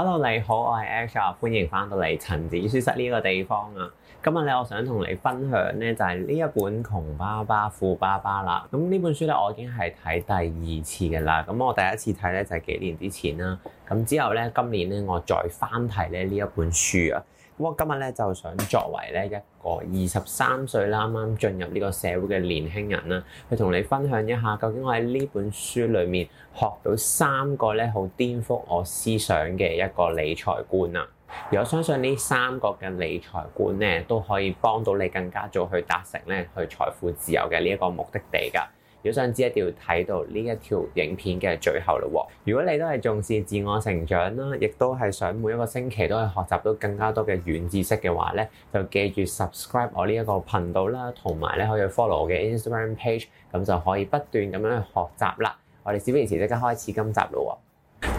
Hello，你好，我係 Ash，歡迎翻到嚟塵籽書室呢個地方啊。今日咧，我想同你分享咧，就係呢一本窮爸爸富爸爸啦。咁呢本書咧，我已經係睇第二次噶啦。咁我第一次睇咧就係幾年之前啦。咁之後咧，今年咧，我再翻睇咧呢一本書啊。我今日咧就想作為咧一個二十三歲啱啱進入呢個社會嘅年輕人啦，去同你分享一下，究竟我喺呢本書裡面學到三個咧好顛覆我思想嘅一個理財觀啊！而我相信呢三個嘅理財觀咧，都可以幫到你更加早去達成咧去財富自由嘅呢一個目的地㗎。如想知，一定要睇到呢一條影片嘅最後咯喎。如果你都係重視自我成長啦，亦都係想每一個星期都去學習到更加多嘅軟知識嘅話咧，就記住 subscribe 我呢一個頻道啦，同埋咧可以 follow 我嘅 Instagram page，咁就可以不斷咁樣去學習啦。我哋事不宜遲即刻開始今集咯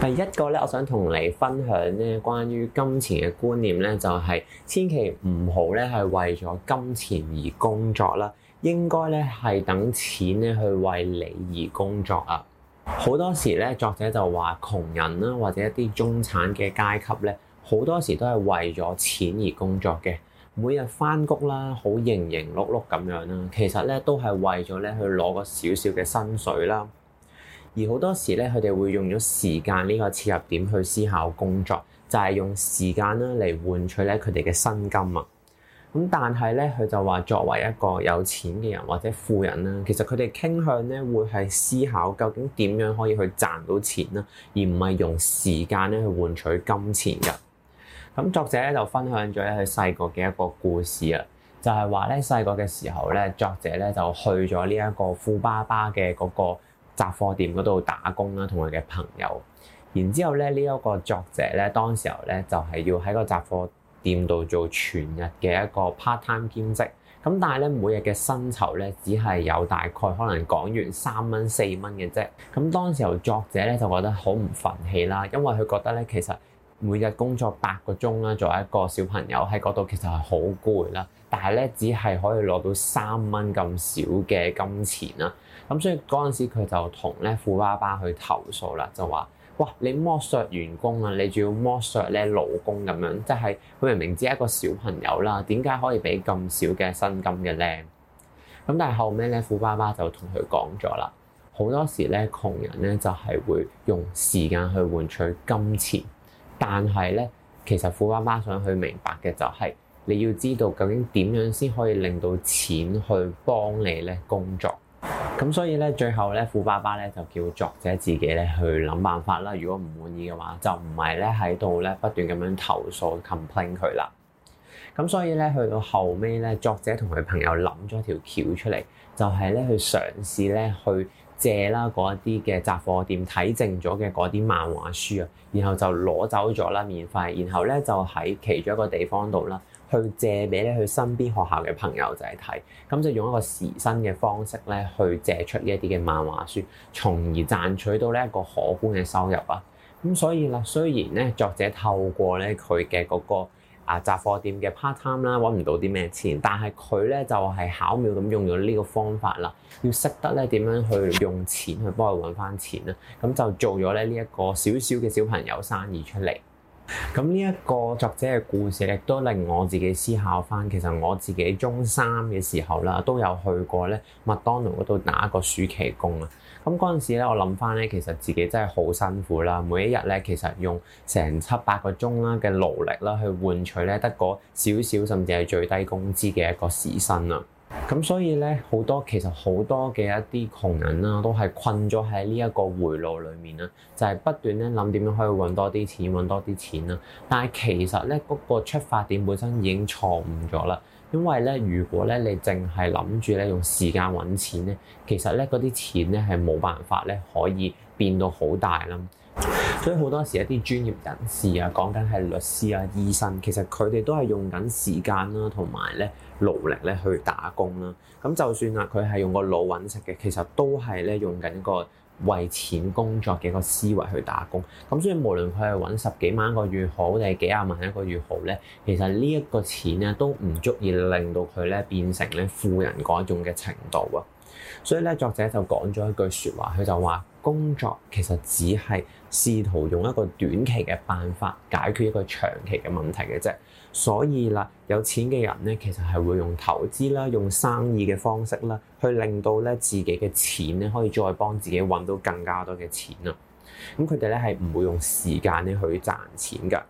喎。第一個咧，我想同你分享咧，關於金錢嘅觀念咧，就係千祈唔好咧係為咗金錢而工作啦。應該咧係等錢咧去為你而工作啊！好多時咧，作者就話窮人啦，或者一啲中產嘅階級咧，好多時都係為咗錢而工作嘅。每日返工啦，好營營碌碌咁樣啦，其實咧都係為咗咧去攞個少少嘅薪水啦。而好多時咧，佢哋會用咗時間呢個切入點去思考工作，就係用時間啦嚟換取咧佢哋嘅薪金啊！咁但係咧，佢就話作為一個有錢嘅人或者富人啦，其實佢哋傾向咧會係思考究竟點樣可以去賺到錢啦，而唔係用時間咧去換取金錢㗎。咁作者咧就分享咗佢細個嘅一個故事啊，就係話咧細個嘅時候咧，作者咧就去咗呢一個富爸爸嘅嗰個雜貨店嗰度打工啦，同佢嘅朋友。然之後咧呢一個作者咧當時候咧就係要喺個雜貨店度做全日嘅一個 part time 兼職，咁但係咧每日嘅薪酬咧只係有大概可能講完三蚊四蚊嘅啫。咁當時候作者咧就覺得好唔憤氣啦，因為佢覺得咧其實每日工作八個鐘啦，做一個小朋友喺嗰度其實係好攰啦，但係咧只係可以攞到三蚊咁少嘅金錢啦。咁所以嗰陣時佢就同咧富爸爸去投訴啦，就話。哇！你剝削員工啊，你仲要剝削咧勞工咁樣，即係佢明明只係一個小朋友啦，點解可以俾咁少嘅薪金嘅咧？咁但係後尾咧，富爸爸就同佢講咗啦。好多時咧，窮人咧就係會用時間去換取金錢，但係咧，其實富爸爸想佢明白嘅就係你要知道究竟點樣先可以令到錢去幫你咧工作。咁所以咧，最後咧，富爸爸咧就叫作者自己咧去諗辦法啦。如果唔滿意嘅話，就唔係咧喺度咧不斷咁樣投訴、complain 佢啦。咁所以咧，去到後尾咧，作者同佢朋友諗咗條橋出嚟，就係咧去嘗試咧去借啦嗰一啲嘅雜貨店睇剩咗嘅嗰啲漫畫書啊，然後就攞走咗啦，免費。然後咧就喺其中一個地方度啦。去借俾咧佢身邊學校嘅朋友仔睇，咁就用一個時薪嘅方式咧去借出呢一啲嘅漫畫書，從而賺取到呢一個可觀嘅收入啊！咁所以啦，雖然咧作者透過咧佢嘅嗰個啊雜貨店嘅 part time 啦，揾唔到啲咩錢，但係佢咧就係巧妙咁用咗呢個方法啦，要識得咧點樣去用錢去幫佢揾返錢啦，咁就做咗咧呢一個小小嘅小朋友生意出嚟。咁呢一個作者嘅故事，亦都令我自己思考翻。其實我自己中三嘅時候啦，都有去過咧麥當勞嗰度打一個暑期工啊。咁嗰陣時咧，我諗翻咧，其實自己真係好辛苦啦。每一日咧，其實用成七八個鐘啦嘅勞力啦，去換取咧得嗰少少，甚至係最低工資嘅一個時薪啊。咁所以咧，好多其實好多嘅一啲窮人啦，都係困咗喺呢一個回路裏面啦，就係不斷咧諗點樣可以搵多啲錢，搵多啲錢啦。但係其實咧，嗰個出發點本身已經錯誤咗啦。因為咧，如果咧你淨係諗住咧用時間搵錢咧，其實咧嗰啲錢咧係冇辦法咧可以變到好大啦。所以好多時一啲專業人士啊，講緊係律師啊、醫生，其實佢哋都係用緊時間啦，同埋咧。努力咧去打工啦，咁就算啊，佢係用個腦揾食嘅，其實都係咧用緊一個為錢工作嘅一個思維去打工。咁所以無論佢係揾十幾萬一個月好，定係幾廿萬一個月好咧，其實呢一個錢咧都唔足以令到佢咧變成咧富人嗰種嘅程度啊。所以咧，作者就講咗一句説話，佢就話：工作其實只係試圖用一個短期嘅辦法解決一個長期嘅問題嘅啫。所以啦，有錢嘅人咧，其實係會用投資啦，用生意嘅方式啦，去令到咧自己嘅錢咧，可以再幫自己搵到更加多嘅錢啊！咁佢哋咧係唔會用時間咧去賺錢㗎。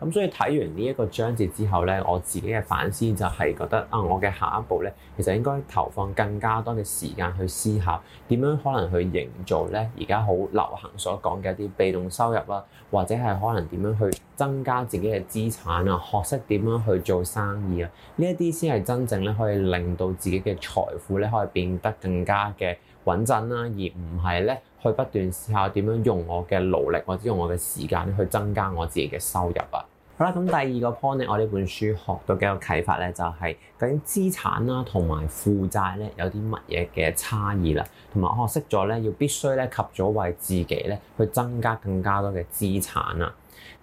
咁所以睇完呢一個章節之後呢，我自己嘅反思就係覺得啊，我嘅下一步呢，其實應該投放更加多嘅時間去思考點樣可能去營造呢而家好流行所講嘅一啲被動收入啦，或者係可能點樣去增加自己嘅資產啊，學識點樣去做生意啊，呢一啲先係真正咧可以令到自己嘅財富咧可以變得更加嘅穩陣啦，而唔係呢。去不斷試下點樣用我嘅勞力，或者用我嘅時間去增加我自己嘅收入啊！好啦，咁第二個 point 咧，我呢本書學到幾個啟發咧，就係究竟資產啦同埋負債咧有啲乜嘢嘅差異啦，同埋我學識咗咧要必須咧及早為自己咧去增加更加多嘅資產啊！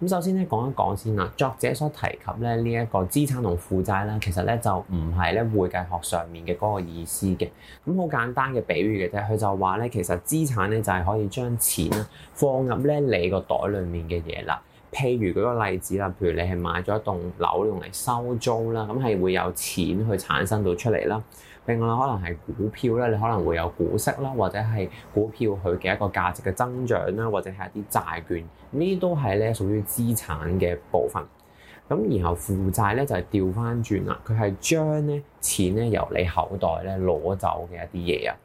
咁首先咧，講一講先啦。作者所提及咧呢一個資產同負債咧，其實咧就唔係咧會計學上面嘅嗰個意思嘅。咁好簡單嘅比喻嘅啫，佢就話咧，其實資產咧就係可以將錢啊放入咧你個袋裏面嘅嘢啦。譬如舉個例子啦，譬如你係買咗一棟樓用嚟收租啦，咁係會有錢去產生到出嚟啦。另外可能係股票咧，你可能會有股息啦，或者係股票佢嘅一個價值嘅增長啦，或者係一啲債券，呢啲都係咧屬於資產嘅部分。咁然後負債咧就係調翻轉啦，佢係將咧錢咧由你口袋咧攞走嘅一啲嘢啊。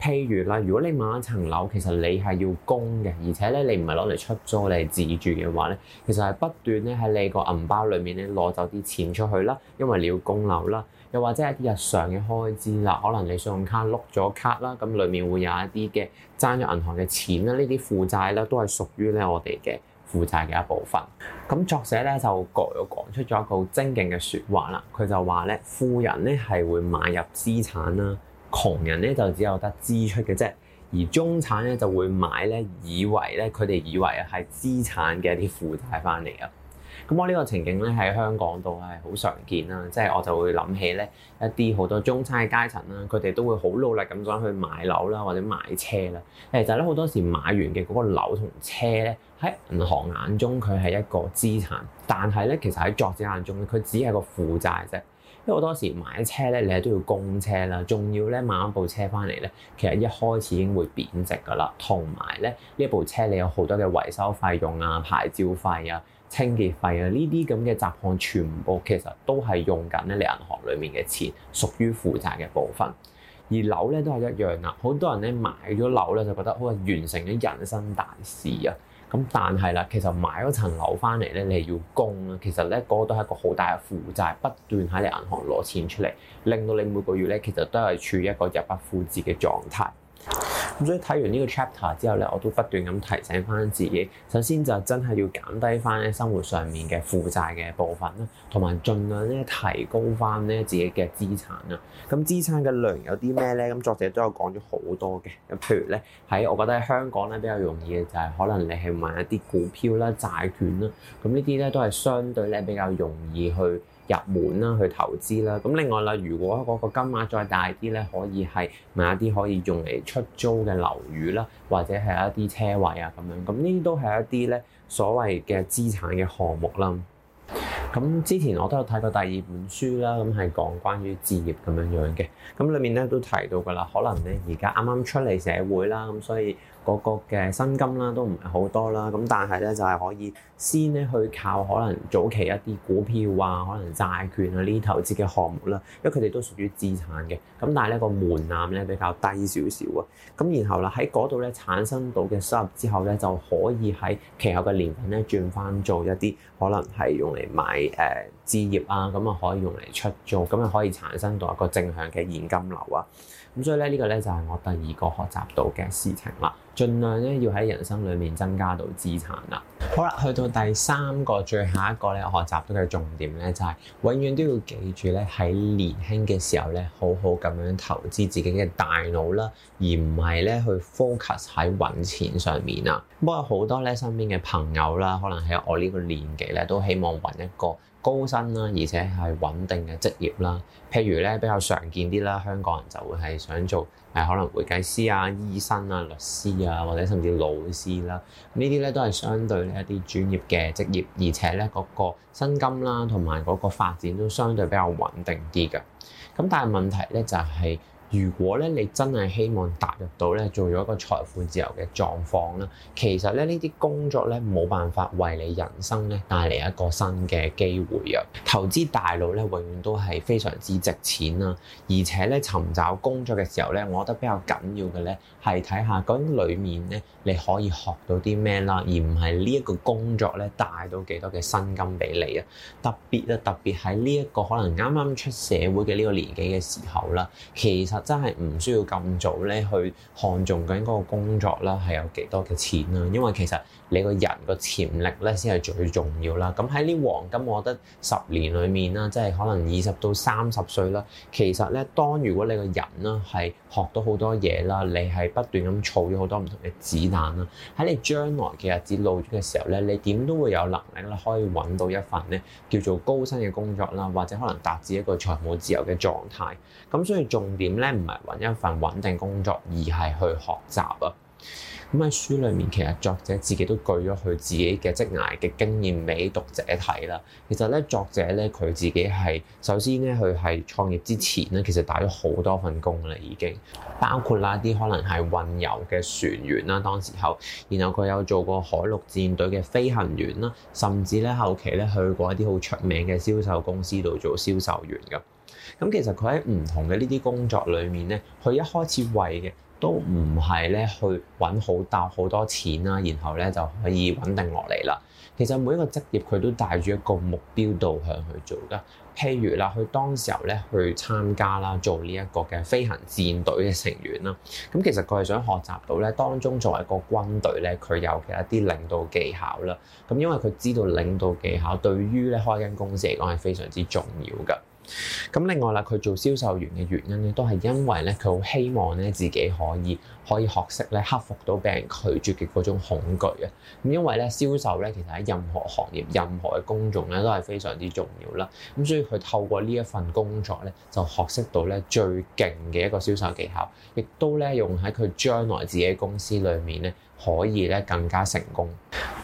譬如啦，如果你買一層樓，其實你係要供嘅，而且咧你唔係攞嚟出租，你係自住嘅話咧，其實係不斷咧喺你個銀包裡面咧攞走啲錢出去啦，因為你要供樓啦。又或者係啲日常嘅開支啦，可能你信用卡碌咗卡啦，咁裏面會有一啲嘅爭咗銀行嘅錢啦，呢啲負債咧都係屬於咧我哋嘅負債嘅一部分。咁 作者咧就各有講出咗一個好精勁嘅説話啦，佢就話咧富人咧係會買入資產啦，窮人咧就只有得支出嘅啫，而中產咧就會買咧以為咧佢哋以為係資產嘅一啲負債翻嚟啊。咁我呢個情景咧喺香港度係好常見啦，即係我就會諗起咧一啲好多中產階層啦，佢哋都會好努力咁想去買樓啦或者買車啦。其實咧好多時買完嘅嗰個樓同車咧喺銀行眼中佢係一個資產，但係咧其實喺作者眼中咧佢只係個負債啫。因為好多時買車咧你係都要供車啦，仲要咧買一部車翻嚟咧，其實一開始已經會貶值噶啦，同埋咧呢部車你有好多嘅維修費用啊、牌照費啊。清潔費啊，呢啲咁嘅雜項全部其實都係用緊咧，你銀行裏面嘅錢屬於負債嘅部分。而樓咧都係一樣啦，好多人咧買咗樓咧就覺得好似完成咗人生大事啊。咁但係啦，其實買咗層樓翻嚟咧，你係要供啦。其實咧，嗰個都係一個好大嘅負債，不斷喺你銀行攞錢出嚟，令到你每個月咧其實都係處於一個入不敷支嘅狀態。咁所以睇完呢個 chapter 之後咧，我都不斷咁提醒翻自己，首先就真係要減低翻咧生活上面嘅負債嘅部分啦，同埋盡量咧提高翻咧自己嘅資產啦。咁資產嘅量有啲咩咧？咁作者都有講咗好多嘅。咁譬如咧喺我覺得喺香港咧比較容易嘅就係可能你係買一啲股票啦、債券啦，咁呢啲咧都係相對咧比較容易去。入門啦，去投資啦。咁另外啦，如果嗰個金額再大啲咧，可以係買一啲可以用嚟出租嘅樓宇啦，或者係一啲車位啊咁樣。咁呢啲都係一啲咧所謂嘅資產嘅項目啦。咁 之前我都有睇過第二本書啦，咁係講關於置業咁樣樣嘅。咁裏面咧都提到噶啦，可能咧而家啱啱出嚟社會啦，咁所以。個個嘅薪金啦都唔係好多啦，咁但係咧就係、是、可以先咧去靠可能早期一啲股票啊、可能債券啊呢啲投資嘅項目啦，因為佢哋都屬於資產嘅，咁但係咧個門檻咧比較低少少啊。咁然後啦喺嗰度咧產生到嘅收入之後咧就可以喺其後嘅年份咧轉翻做一啲可能係用嚟買誒、呃、置業啊，咁啊可以用嚟出租，咁啊可以產生到一個正向嘅現金流啊。咁所以咧呢、呢個咧就係我第二個學習到嘅事情啦。盡量咧要喺人生裏面增加到資產啦。好啦，去到第三個最後一個咧，學習到嘅重點咧，就係永遠都要記住咧，喺年輕嘅時候咧，好好咁樣投資自己嘅大腦啦，而唔係咧去 focus 喺揾錢上面啦。不過好多咧身邊嘅朋友啦，可能喺我呢個年紀咧，都希望揾一個，高薪啦，而且係穩定嘅職業啦。譬如咧比較常見啲啦，香港人就會係想做誒可能會計師啊、醫生啊、律師啊，或者甚至老師啦。呢啲咧都係相對呢一啲專業嘅職業，而且咧嗰個薪金啦同埋嗰個發展都相對比較穩定啲嘅。咁但係問題咧就係、是。如果咧你真係希望踏入到咧做咗一個財富自由嘅狀況啦，其實咧呢啲工作咧冇辦法為你人生咧帶嚟一個新嘅機會啊！投資大腦咧永遠都係非常之值錢啦，而且咧尋找工作嘅時候咧，我覺得比較緊要嘅咧係睇下究竟裡面咧你可以學到啲咩啦，而唔係呢一個工作咧帶到幾多嘅薪金俾你啊！特別啊特別喺呢一個可能啱啱出社會嘅呢個年紀嘅時候啦，其實。真係唔需要咁早咧去看重緊嗰個工作啦，係有幾多嘅錢啦？因為其實你個人個潛力咧，先係最重要啦。咁喺呢黃金，我覺得十年裏面啦，即係可能二十到三十歲啦。其實咧，當如果你個人啦係學到好多嘢啦，你係不斷咁儲咗好多唔同嘅子彈啦，喺你將來嘅日子路嘅時候咧，你點都會有能力咧，可以揾到一份咧叫做高薪嘅工作啦，或者可能達至一個財務自由嘅狀態，咁所以重點咧。咧唔係揾一份穩定工作，而係去學習。咁喺書裏面，其實作者自己都舉咗佢自己嘅職涯嘅經驗俾讀者睇啦。其實咧，作者咧佢自己係首先咧，佢係創業之前咧，其實打咗好多份工啦，已經包括啦啲可能係運油嘅船員啦，當時候，然後佢有做過海陸戰隊嘅飛行員啦，甚至咧後期咧去過一啲好出名嘅銷售公司度做銷售員噶。咁其實佢喺唔同嘅呢啲工作裏面咧，佢一開始為嘅。都唔係咧，去揾好大好多錢啦，然後咧就可以穩定落嚟啦。其實每一個職業佢都帶住一個目標導向去做㗎。譬如啦，佢當時候咧去參加啦，做呢一個嘅飛行戰隊嘅成員啦。咁其實佢係想學習到咧，當中作為一個軍隊咧，佢有嘅一啲領導技巧啦。咁因為佢知道領導技巧對於咧開間公司嚟講係非常之重要㗎。咁另外啦，佢做銷售員嘅原因咧，都係因為咧，佢好希望咧自己可以可以學識咧克服到俾人拒絕嘅嗰種恐懼啊！咁因為咧銷售咧，其實喺任何行業、任何嘅工作咧，都係非常之重要啦。咁所以佢透過呢一份工作咧，就學識到咧最勁嘅一個銷售技巧，亦都咧用喺佢將來自己公司裏面咧，可以咧更加成功。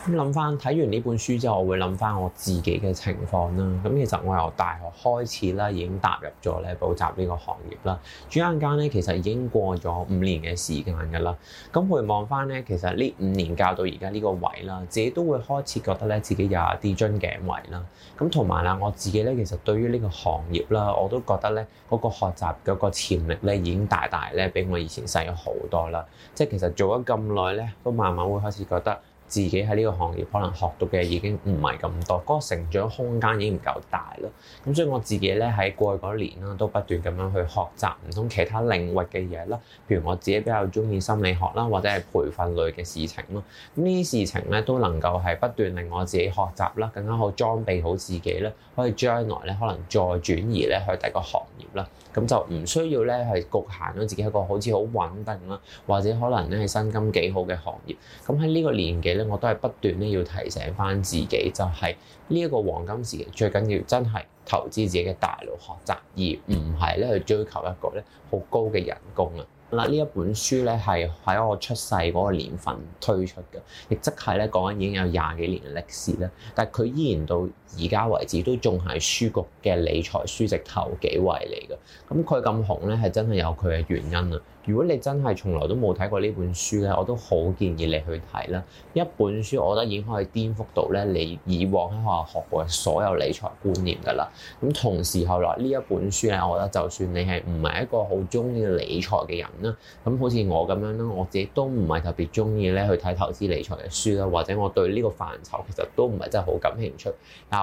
咁諗翻睇完呢本書之後，我會諗翻我自己嘅情況啦。咁其實我由大學開始啦，已經踏入咗咧補習呢個行業啦。轉眼間咧，其實已經過咗五年嘅時間噶啦。咁回望翻咧，其實呢五年教到而家呢個位啦，自己都會開始覺得咧，自己有啲樽頸位啦。咁同埋啦，我自己咧其實對於呢個行業啦，我都覺得咧嗰個學習嗰個潛力咧已經大大咧，比我以前細咗好多啦。即係其實做咗咁耐咧，都慢慢會開始覺得。自己喺呢個行業可能學到嘅已經唔係咁多，嗰個成長空間已經唔夠大啦。咁所以我自己咧喺過去嗰年啦，都不斷咁樣去學習唔同其他領域嘅嘢啦。譬如我自己比較鍾意心理學啦，或者係培訓類嘅事情囉。咁呢啲事情咧都能夠係不斷令我自己學習啦，更加好裝備好自己啦，可以將來咧可能再轉移咧去第個行業啦。咁就唔需要咧，係局限咗自己一個好似好穩定啦，或者可能咧係薪金幾好嘅行業。咁喺呢個年紀咧，我都係不斷咧要提醒翻自己，就係呢一個黃金時期最緊要真係投資自己嘅大腦學習，而唔係咧去追求一個咧好高嘅人工啊。嗱，呢一本書咧係喺我出世嗰個年份推出嘅，亦即係咧講緊已經有廿幾年嘅歷史啦。但係佢依然到而家為止都仲係書局嘅理財書籍頭幾位嚟㗎，咁佢咁紅咧係真係有佢嘅原因啊！如果你真係從來都冇睇過呢本書咧，我都好建議你去睇啦。一本書我覺得已經可以顛覆到咧你以往喺學校學過嘅所有理財觀念㗎啦。咁同時後來呢一本書咧，我覺得就算你係唔係一個好中意理財嘅人啦，咁好似我咁樣啦，我自己都唔係特別中意咧去睇投資理財嘅書啦，或者我對呢個範疇其實都唔係真係好感興趣。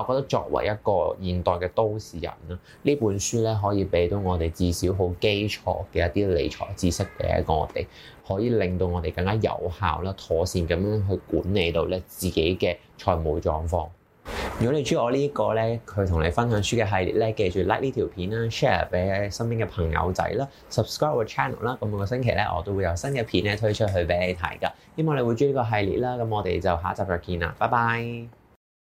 我覺得作為一個現代嘅都市人啦，呢本書咧可以俾到我哋至少好基礎嘅一啲理財知識嘅一個我哋，可以令到我哋更加有效啦、妥善咁樣去管理到咧自己嘅財務狀況。如果你中意我呢一個咧，佢同你分享書嘅系列咧，記住 like 呢條片啦，share 俾身邊嘅朋友仔啦，subscribe 個 channel 啦，咁每個星期咧我都會有新嘅片咧推出去俾你睇噶。希望你會中意呢個系列啦，咁我哋就下集再見啦，拜拜。